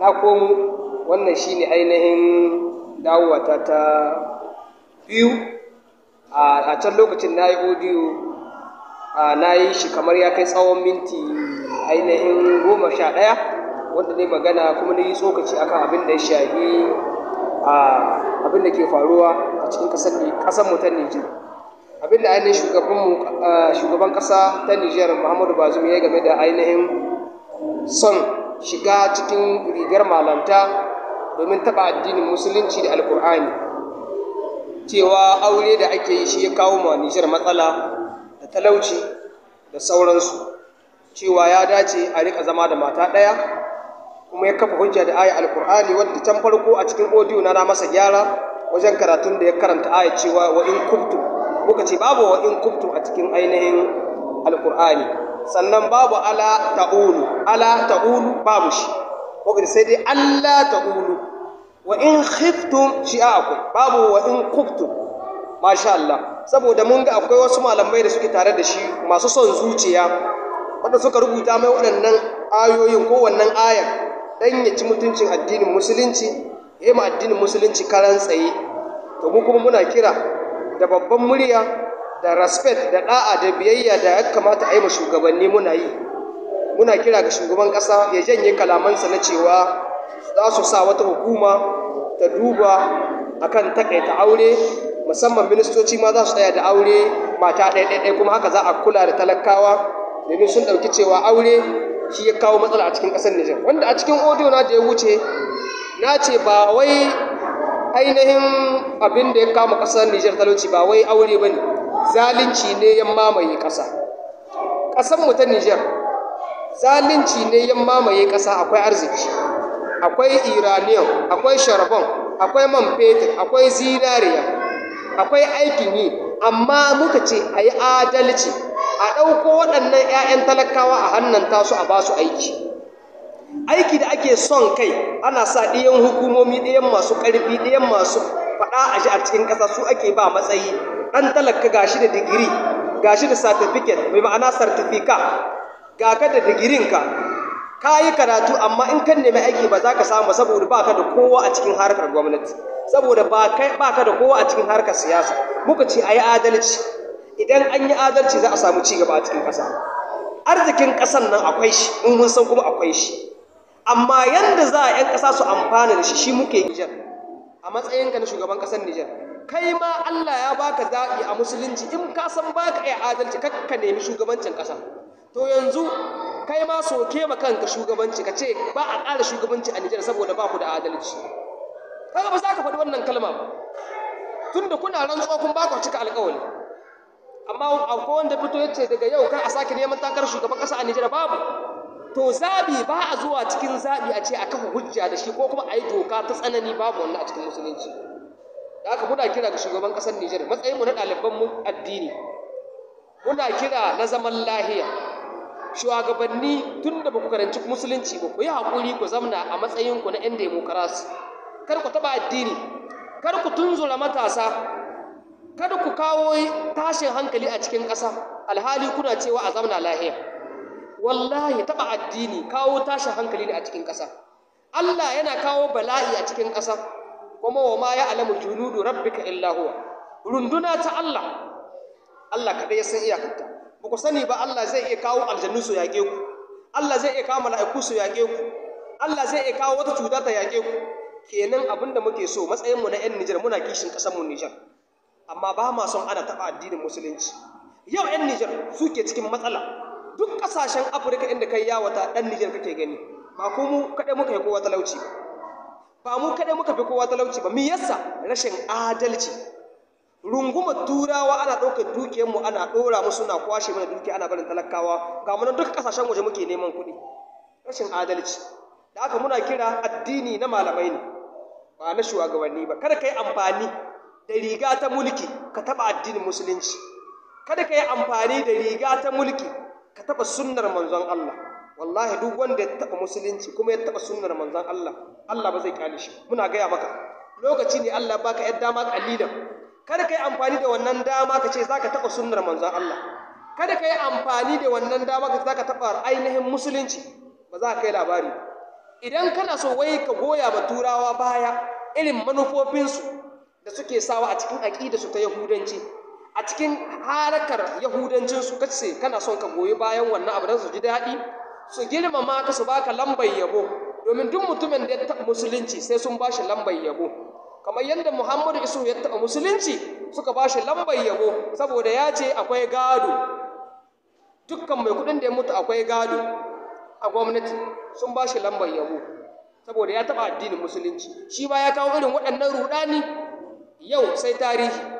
na komo wannan shi ne ainihin dawowata ta biyu a can lokacin na yi odiyo na yi shi kamar ya kai tsawon minti ainihin goma sha ɗaya wanda ne magana kuma na yi tsokaci akan abin da ya shafi abin da ke faruwa a cikin ƙasar mu ta Niger. Abin da ainihin shugaban ƙasa ta Nijar Muhammadu Bazum ya game da ainihin son shiga cikin rigar malanta domin taɓa addinin musulunci da alkur'ani cewa aure da ake yi shi ya kawo ma nijar matsala da talauci da sauransu cewa ya dace a rika zama da mata ɗaya kuma ya kafa hujja da aya alkur'ani wadda can farko a cikin odiyo na na masa gyara wajen karatun da ya karanta aya cewa wa in kubtu ce babu wa in a cikin ainihin alkur'ani sannan babu ala ta'ulu ala ta'ulu babu shi ko sai dai Allah ta'ulu wa in khiftum shi akwai babu wa in khiftum masha Allah saboda mun ga akwai wasu malamai da suke tare da shi masu son zuciya wanda suka rubuta mai waɗannan ayoyin ko wannan ayan dan ya ci mutuncin addinin musulunci ya yi ma addinin musulunci karan tsaye to mu kuma muna kira da babban murya da respect da da'a da biyayya da ya kamata a yi wa shugabanni muna yi muna kira ga shugaban ƙasa ya janye kalamansa na cewa za su sa wata hukuma ta duba akan takaita aure musamman ministoci ma za su tsaya da aure mata ɗaya kuma haka za a kula da talakawa domin sun ɗauki cewa aure shi ya kawo matsala a cikin ƙasar Nijar wanda a cikin audio na da ya wuce na ce ba wai ainihin abin da ya kama ƙasar Nijar talauci ba wai aure ba ne zalunci ne ya mamaye ƙasa ƙasanmu ta nijar zalunci ne ya mamaye ƙasa akwai arziki akwai iraniyan akwai sharbon akwai man fetur akwai zinariya akwai aikin yi amma muka ce a yi adalci a ɗauko waɗannan 'ya'yan talakawa a hannun tasu a basu aiki aiki da ake son kai ana sa ɗiyan hukumomi ɗiyan masu ƙarfi ɗiyan masu faɗa a shi a cikin ƙasa su ake ba matsayi ɗan talaka gashi da digiri gashi da certificate mai ma'ana certificate ga ka da digirinka ka yi karatu amma in kan nemi aiki ba za ka samu saboda ba ka da kowa a cikin harkar gwamnati saboda ba ka da kowa a cikin harkar siyasa muka ce a yi adalci idan an yi adalci za a samu cigaba a cikin ƙasa arzikin ƙasan nan akwai shi in mun san kuma akwai shi amma yanda za a 'yan ƙasa su amfana da shi shi muke nijar a matsayinka na shugaban ƙasar nijar kai ma Allah ya baka zaɓi a musulunci in ka san baka iya adalci kakka nemi shugabancin ƙasa to yanzu kai ma soke ma kanka shugabanci ka ce ba a ƙara shugabanci a Nijar saboda ba ku da adalci kaga ba za ka faɗi wannan kalma ba tunda kuna rantsuwa kun ba ku cika alƙawari amma akwai wanda fito ya ce daga yau kar a sake neman takarar shugaban ƙasa a Nijar babu to zaɓi ba a zuwa cikin zaɓi a ce a kafa hujja da shi ko kuma a yi doka ta tsanani babu wannan a cikin musulunci da aka muna kira ga shugaban ƙasar Nijar matsayinmu na ɗaliban mu addini muna kira na zaman lahiya shugabanni tunda da karanci musulunci ba ku yi haƙuri ku zamna a matsayinku na 'yan demokarasi kar ku taɓa addini kar ku tunzura matasa kar ku kawo tashin hankali a cikin ƙasa alhali kuna cewa a zamna lahiya wallahi taɓa addini kawo tashin hankali ne a cikin ƙasa Allah yana kawo bala'i a cikin ƙasa kuma wa ma ya alamu junudu rabbika illa huwa runduna ta Allah Allah kaɗai ya san iyakarta ba ku sani ba Allah zai iya kawo aljannu su yaƙe ku Allah zai iya kawo mala'iku su yaƙe ku Allah zai iya kawo wata cuta ta yaƙe ku kenan abin da muke so matsayin mu na 'yan Nijar muna kishin kasar mu Nijar amma ba ma son ana taɓa addinin musulunci yau 'yan Nijar suke cikin matsala duk ƙasashen Afirka inda kai yawata ɗan Nijar kake gani ba mu kaɗai muka yi kowa talauci ba ba mu kaɗai muka fi kowa talauci ba mi yasa rashin adalci rungumar turawa ana ɗaukar dukiyarmu ana ɗora musu na kwashe mana dukiya ana barin talakawa ga mu nan duk ƙasashen waje muke neman kuɗi rashin adalci da aka muna kira addini na malamai ne ba na shugabanni ba kada ka yi amfani da riga ta mulki ka taɓa addinin musulunci kada ka yi amfani da riga ta mulki ka taɓa sunnar manzon Allah wallahi duk wanda ya taɓa musulunci kuma ya taɓa sunnar manzan Allah Allah ba zai kyale shi muna gaya maka lokaci ne Allah baka yar dama kalilan kada ka yi amfani da wannan dama ka ce za ka taɓa sunnar manzan Allah kada ka yi amfani da wannan dama ka za ka taɓa ainihin musulunci ba za ka kai labari idan kana so wai ka goya ba turawa baya irin manufofinsu da suke sawa a cikin aƙida su ta yahudanci a cikin harakar yahudancinsu kace kana son ka goyi bayan wannan abu don su ji daɗi su girmama ka su baka lambar yabo domin duk mutumin da ya taɓa musulunci sai sun ba shi lambar yabo kamar yadda muhammadu isu ya taɓa musulunci suka ba shi lambar yabo saboda ya ce akwai gado dukkan mai kuɗin da ya mutu akwai gado a gwamnati sun ba shi lambar yabo saboda ya taɓa addinin musulunci shi ba ya kawo irin waɗannan ruɗani yau sai tarihi